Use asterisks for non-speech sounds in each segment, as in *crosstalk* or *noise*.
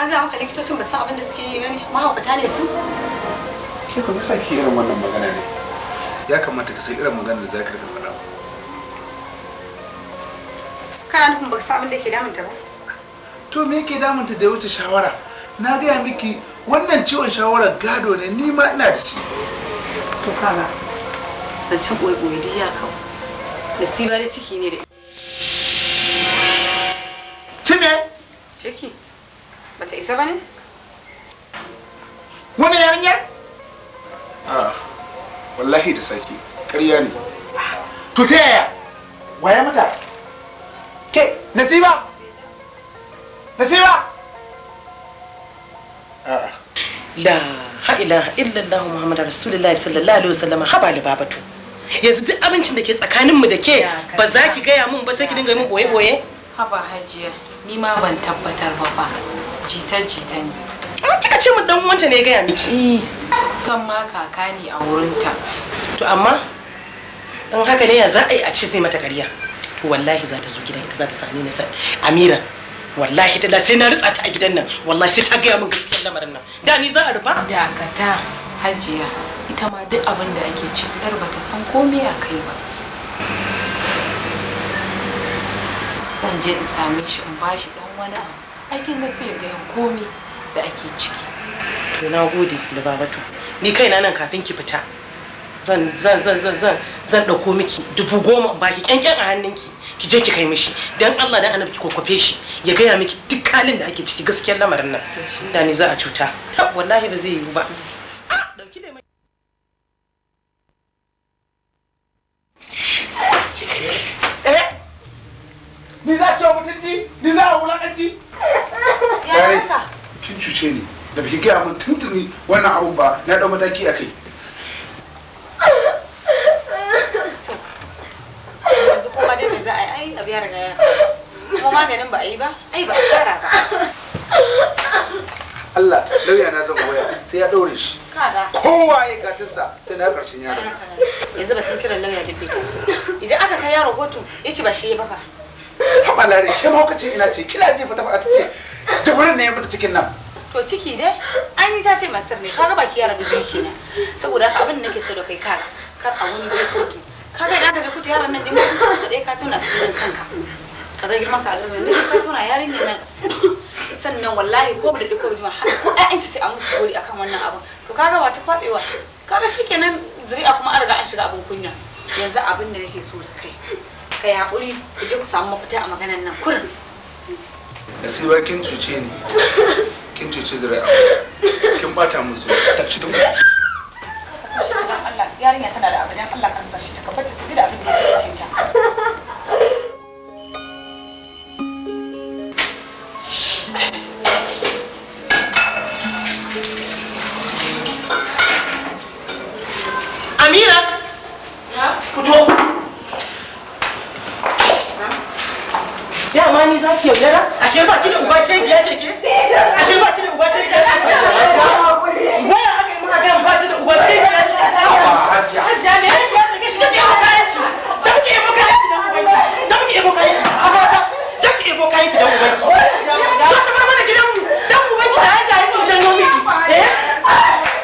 kaga haka likitocin ba da suke yi magana ne ya kamata ka san irin magana da za ka rika faɗa kana nufin ba san abin da ke damunta ba to me yake damunta da ya wuce shawara na gaya miki wannan ciwon shawara gado ne ni ma ina da shi to kana can ɓoye-ɓoye da ya kawo nasiba da ciki ne da ciki ciki isa ba ne? Wani yarinyar? Ah, wallahi da sake, ƙarya ne. To ta yaya? Waya mata? Ke, Nasiba? Nasiba? Ah. La ha'ilaha Muhammadu Rasulullahi sallallahu alaihi wasallam haba libabatu. Yanzu duk abincin da ke tsakaninmu da ke ba za ki gaya mun ba sai ki dinga min boye-boye? Haba hajiya, ni ma ban tabbatar ba ba. jita-jita ne kika ce mu dan wanta ne ya gaya miki eh, san ma kaka ne a wurinta to amma in haka ne ya za a yi a ce zai mata ƙarya to wallahi za ta zo gidan ita za ta sami ni amira wallahi ta sai na ritsa ta a gidan nan wallahi sai ta gaya min gaskiyar lamarin nan da ni za a rufa dakata hajiya ita ma duk abin da ake ciki yar ba ta san komai a kai ba zan je in same shi in bashi dan wani abu aikin gaskiya ga yan da ake ciki to na gode babatu ni kaina nan kafin ki fita zan zan zan zan zan zan dauko miki dubu goma ba ki kyankyan a hannunki ki je ki kai mishi dan Allah dan annabi ki kokofe shi ya gaya miki duk halin da ake ciki gaskiyar lamarin nan da ni za a cuta wallahi ba zai yiwu ba ah, eh, Ni za a ci wa mutunci, ni za a wulaƙanci, yare kin cuce ni da baki gaya min tuntuni wannan abun ba na dau mataki a kai yanzu kuma dai me za a yi ai riga ya kuma maganin ba a yi ba ai ba a ba Allah lauya na zama waya sai ya ɗaure shi kowa ya gatinsa sai na karshen yaro yanzu ba sun kira lauya da bai taso idan aka kai yaro kotu yace ba shi ya ba haɓa lare ina ce kila ji faɗa ta ce jabarin ne ya mata cikin nan to ciki dai an ta ce master ne kaga baki ya rabu biyu kenan saboda haka abin da nake so da kai kar kar a wani je kotu kaga idan ka je kotu yaran nan dimin da ka tona su kanka kaga girman ka a garin nan ka tona yarin nan sannan wallahi ko da duk jima har ko ta sai a musu gori akan wannan abin to kaga wata kwabewa kaga ziri zuri'a kuma an riga an shiga abin kunya yanzu abin da nake so da kai kai hakuri ku je ku samu mafita a maganan nan kurin da siwa kin cuce ni *laughs* kin cuce zuri'a kin bata musu ta ci duk yarinya tana da abu dan Allah kan bashi ta kafa ta ji da abin da yake cikin ta Amira fito dama ni za ki yaudara ashe ba ki uba shegi ya ce ke ashe ba ki uba shegi ya ce ke waya aka yi magana ba ta da uba shegi ya ce ta hajja hajja ya ce ke shi kake maka yanki da muke yi maka yanki da muke yi maka yanki a mata da ki yi maka yanki da ubanki za ta bar mana gidan mu dan ubanki ta hajja ya kyautar yau miki eh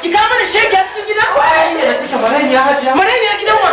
ki kawo mana shegi a cikin gida marayin ya hajja marayin ya gidan wa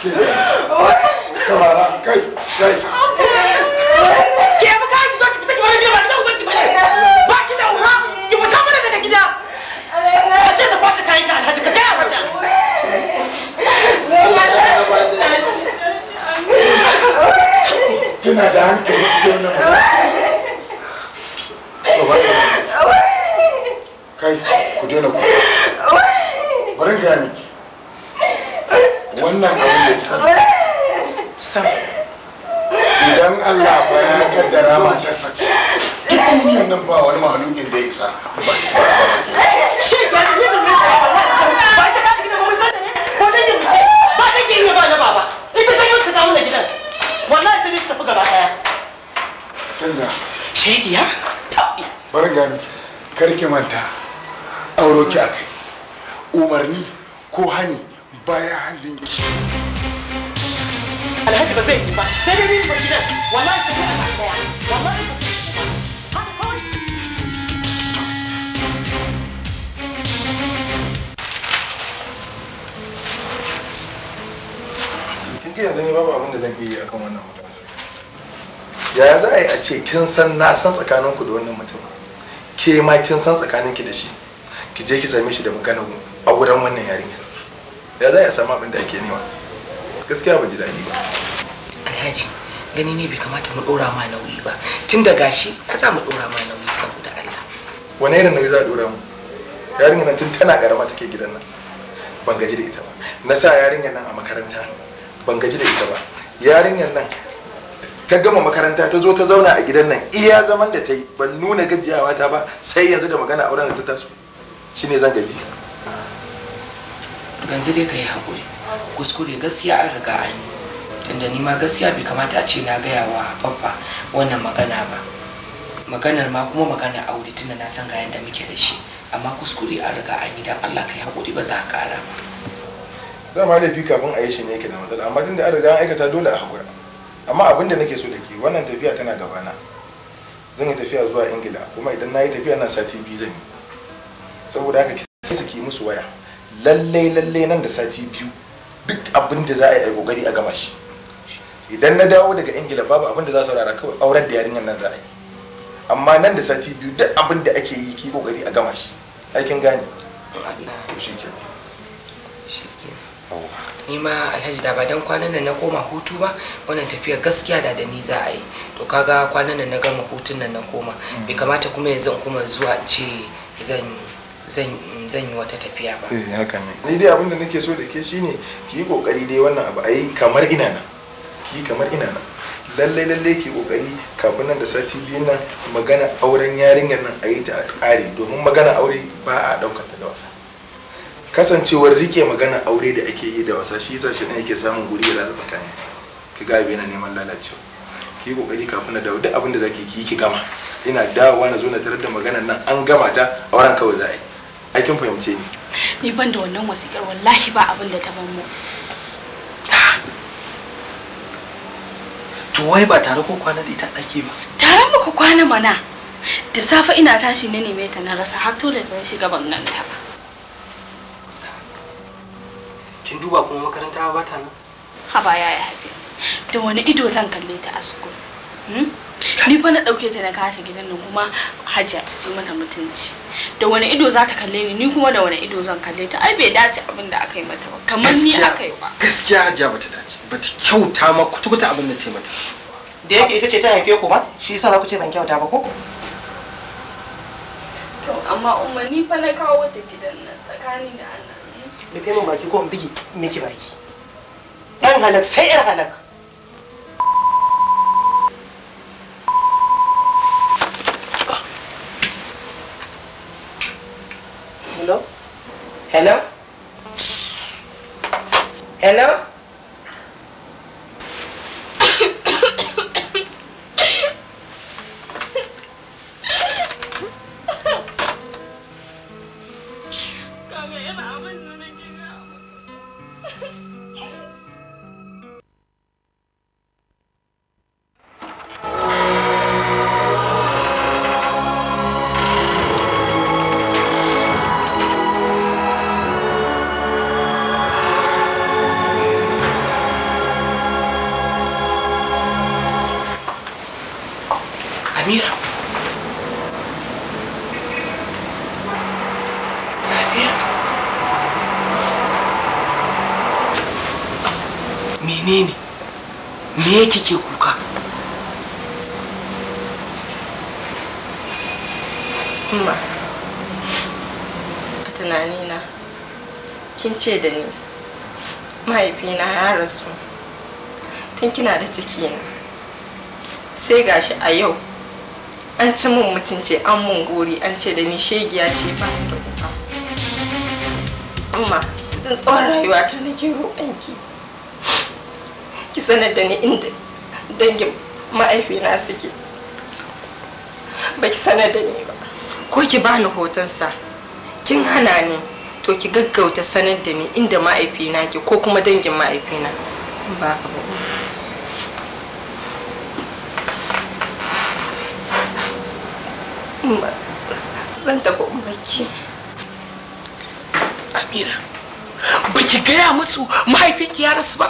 ke saurara kai ya isa ke ba ka ki zo ki fita ki bari biya ba ki zo ki bari ba ki da uwa ki fita mana daga gida ka ce ta kwashe kayan ka alhaji ka gaya mata kina da hankali kai ku ku bari wannan abin idan Allah ba ya kaddara matarsa ce duk duniyan nan ba wani mahalukin da ya isa ba ba shi ba ni da mai ba ta ka gidan mun sanin ko dan yin ce ba dan ne ba na baba ita ce yau ta dawo da gidan wallahi sai ta tafi gaba daya kinga sheki ya bar gani karki manta auro ki akai umarni ko hani baya halin ki alhaji ba zai yi ba sai dai ni ba gidan wallahi sai dai a daya wallahi ba kin yanzu ne babu abin da zan iya akan wannan magana yaya za a yi a ce kin san na san tsakanin ku da wannan mutum ke ma kin san tsakanin ki da shi ki je ki same shi da maganar a gudan wannan yarinyar. ya za a samu abin da ake nema gaskiya ba ji daɗi ba alhaji gani ne bai kamata mu ɗora ma nauyi ba tun da gashi ya za mu ɗora ma nauyi saboda allah wani irin nauyi za a ɗora mu yarinya nan tun tana karama take gidan nan ban gaji da ita ba na sa yarinyar nan a makaranta ban gaji da ita ba yarinyar nan ta gama makaranta ta zo ta zauna a gidan nan iya zaman da ta yi ban nuna gajiyawa ta ba sai yanzu da magana auren da ta taso shine zan gaji yanzu dai ka yi haƙuri kuskure gaskiya an riga an yi tunda ni ma gaskiya bai kamata a ce na gaya wa babba wannan magana ba maganar ma kuma maganar aure tunda na san ga yadda muke da shi amma kuskure an riga an yi dan Allah ka yi haƙuri ba za a ƙara ba ma laifi kafin a yi shi ne yake da matsala amma tunda an riga an aikata dole a haƙura amma abin da nake so da ke wannan tafiya tana gabana zan yi tafiya zuwa ingila kuma idan na yi tafiya nan sati biyu zan yi saboda haka ki saki musu waya lallai lallai nan da sati biyu duk abin da za a yi gogari a gama shi idan na dawo daga ingila babu abin da za su rara kawai aurar da yarinyar nan za a yi amma nan da sati biyu duk abin da ake yi ki gogari a gama shi aikin gane ni ma alhaji da ba dan kwanan nan na koma hutu ba wannan tafiya gaskiya da da ni za a yi to kaga kwanan nan na gama hutun nan na koma bai mm. kamata kuma yanzu kuma zuwa ce zan yi. zan yi wata tafiya ba eh haka ne ni dai abin da nake so da ke shine ki yi kokari dai wannan abu ayi kamar ina nan ki kamar ina nan lallai lallai ki kokari kafin nan da sati biyu nan magana auren yarinyar nan a yi ta kare domin magana aure ba a daukar ta da wasa kasancewar rike magana aure da ake yi da wasa shi yasa shi yake samun guri da ratsa tsakani ki ga bai na neman lalacewa ki kokari kafin na dawo duk abin da zaki ki ki gama ina dawowa na zo na tarar da maganar nan an gama ta auren kawai za a yi aikin fahimce ni ni ban da wannan wasiƙar wallahi ba abin da ta ban mu to wai ba tare ko kwana da ita ɗaki ba tare muka kwana mana da safe ina tashi na neme ta na rasa har dole zan shiga bangan nan ta ba kin duba kuma makaranta ba ta nan ha ba yaya hafi da wani ido zan kalle ta a Hmm? ni fa na dauke ta na kashe gidan nan kuma hajji ta ci mata mutunci da wani ido za ta kalle ni ni kuma da wani ido zan kalle ta ai bai dace abin da aka yi mata ba kamar ni aka yi ba gaskiya ba ta dace bata kyauta ma kutukuta abin da ta yi mata da yake ita ce ta haife ku ba shi yasa za ku ce ban kyauta ba ko to amma umma ni fa na kawo ta gidan nan tsakani da Allah rufe min baki ko in bige miki baki dan halak sai yar halak Hello? Hello? Hello? mira. menene me yake ke kuka kuma a tunanina kin ce da ni mahaifina ya rasu tun kina da ciki na sai gashi a yau an ci mun mutunci an mun gori an ce da ni shegiya ce ba da kuka amma don tsawon rayuwa ta nake roƙonki ki sanar da ni inda dangin ma'aifina suke ba ki sanar da ni ba ko ki bani hotonsa kin hana ni to ki gaggauta sanar da ni inda ma'aifina ke ko kuma dangin ma'aifina ba ka ba zan tafi baki amira baki gaya musu mahaifinki ya rasu ba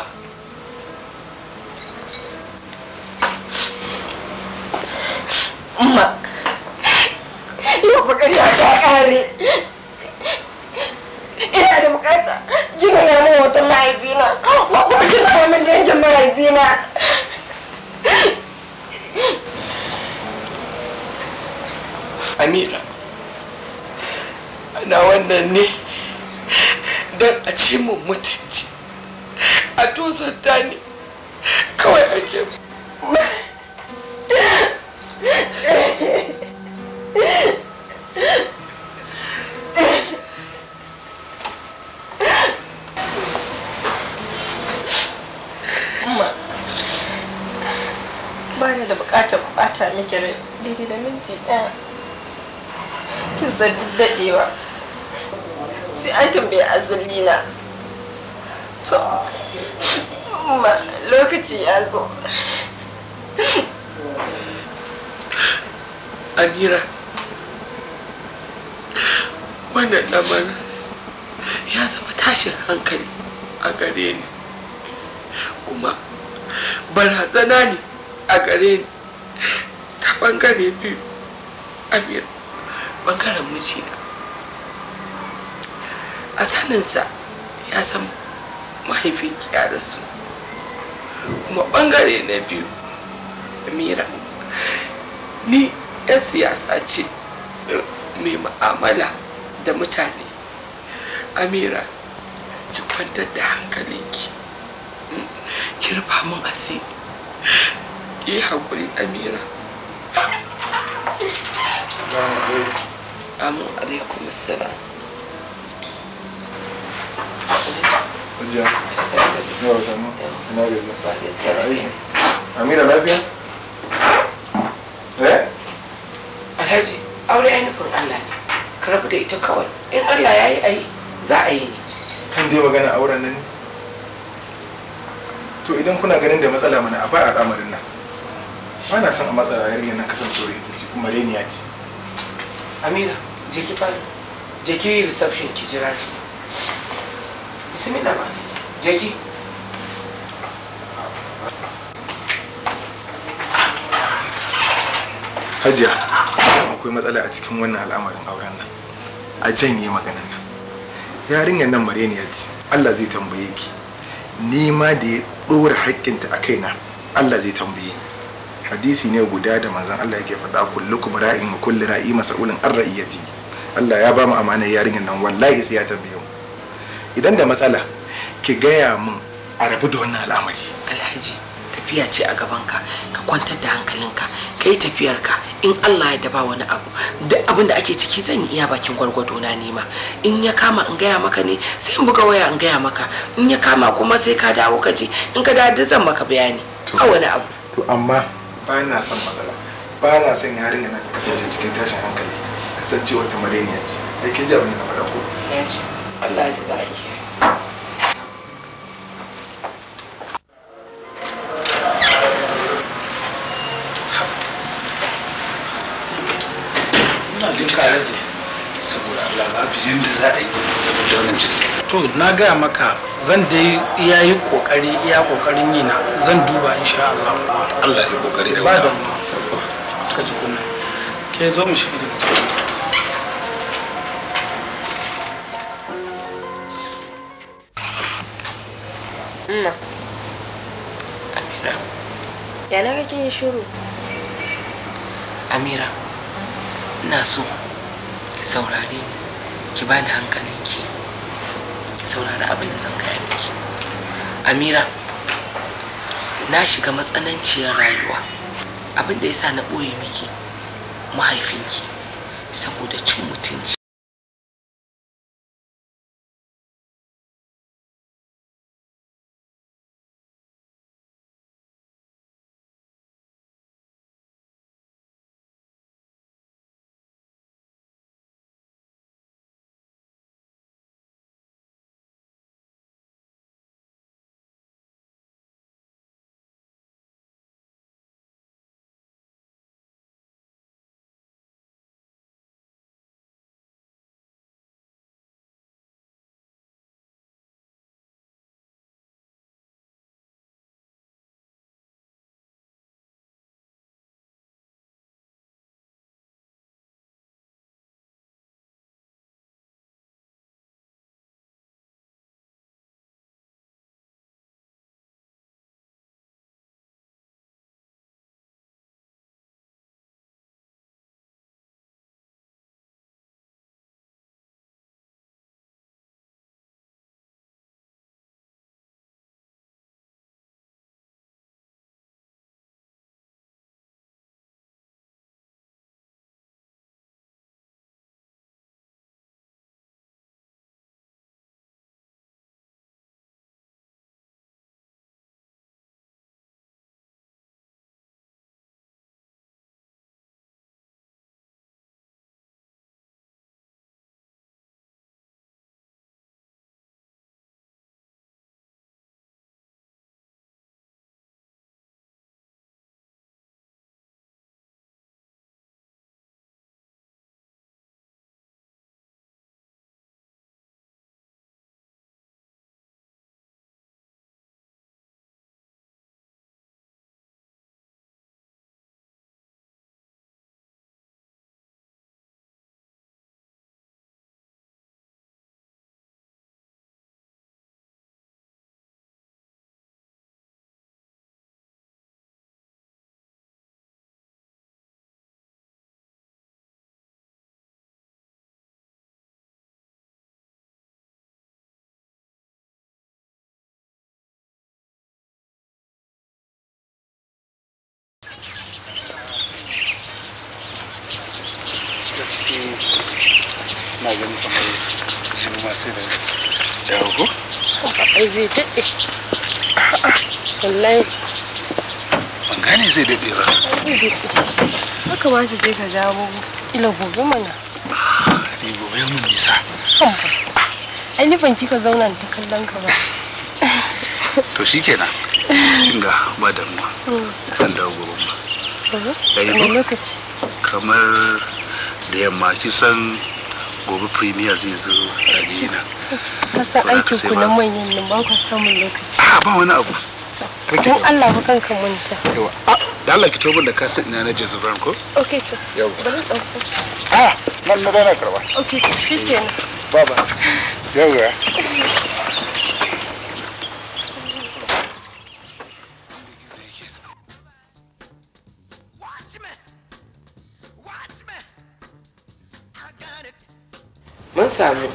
umma yau bukariya ta kare ina da bukata gina na wata mahaifina ko kuma gina min da yankin mahaifina amina ana wannan ne don a ci mun mutunci a tozarta ne kawai ake ba ni da bukatar bata miki rai daidai da minti ɗaya sa daɗewa sai an tambayi azali na to ma lokaci ya zo amira wannan lamarin ya zama tashin hankali a gare ni kuma barazana ne a gare ni ta ɓangare biyu amira bangaren mijina a saninsa ya san mahaifinki ya rasu kuma bangare na biyu amira ni 'yan siyasa ce mai ma'amala da mutane amira ki kwantar da hankalinki ki rufa min asiri ki haƙuri amira Thank you. Amin alaikum salam. Hajiya. Amira lafiya? Eh? Alhaji, aure ainihin Allah ne. Ka rabu da ita kawai. In Allah ya yi ayi, za a yi ne. Tun dai magana auren nan ne? To idan kuna ganin da matsala mana a baya a al'amarin nan. Ba na son a matsala yarinyar nan kasancewa ita ce kuma reniya ce. Amira. je ki falo je ki reception ki jira ma je ki hajiya akwai matsala a cikin wannan al'amarin auren nan a janye maganan nan yarinyar nan mareniya ce allah zai tambaye ki ni ma da ya ɗora haƙƙinta a kaina allah zai tambaye ni hadisi ne guda da manzon allah yake faɗa kullukum ra'in wa kullu ra'i mas'ulun an ra'iyati Allah ya ba mu amanar yarinyar nan wallahi sai ya tambaye idan da matsala ki gaya mun a rabu da wannan al'amari alhaji tafiya ce a gaban ka ka kwantar da hankalinka ka yi ka in Allah ya daba wani abu duk abin da ake ciki zan iya bakin gwargwado na nema in ya kama in gaya maka ne sai in buga waya in gaya maka in ya kama kuma sai ka dawo ka je in ka dawo zan maka bayani a wani abu to amma ba na son matsala ba na son yarinya na kasance cikin tashin hankali san cewa ta madaniya ce da eh, kin ji abin da na faɗa ko eh, Allah ya ji za to na gaya maka zan da iya yi kokari iya kokarin yi na zan duba insha Allah Allah ya kokari da ba da ka ji kunna ke zo mu shi da cikin ya na kake yin shiru amira ina so ki saurare ni ki bani hankalin ki saurari abin da zan gaya miki amira na shiga matsananciyar rayuwa abin da yasa na ɓoye miki mahaifinki saboda cin mutunci na gani kamar shi ma sai da ai zai daɗe wallahi ban gane zai daɗe ba haka ba su je ka jawo ila gobe mana ni gobe mun nisa ai ni ban kika zauna ta kallon ka ba to shikenan kin ga ba damuwa kan mm. dawo gobe kamar da yamma kisan gobe premier zai zo sadina kasa aikin ku na manyan nan ba ku samun lokaci a ah, ba wani abu don Allah ba kanka manta yawa ah, da Allah ki tobin da kasan ina na jazuban ko okay to yawa bari dauko a ah, nan na bana karba okay to shikenan baba yawa *laughs* samu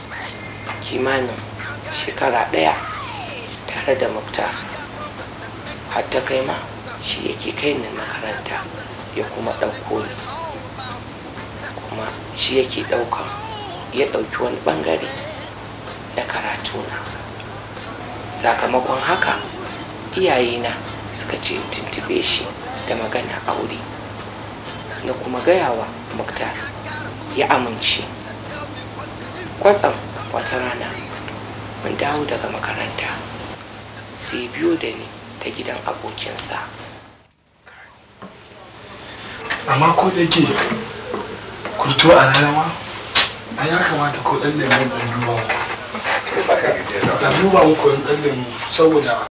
kimanin shekara ɗaya tare da mukta hatta kai ma shi yake kai ni na karanta ya kuma ɗauko ni kuma shi yake ɗauka ya ɗauki wani ɓangare na karatuna sakamakon haka iyayena suka ce tuntube shi da magana aure na kuma gayawa muktar ya amince kwatsam wata rana mun dawo daga makaranta sai biyo da ni ta gidan abokinsa amma ko da ke kurto a rana a ya kamata ko ɗan lemu ɗan duba mu ɗan duba mu ko ɗan lemu saboda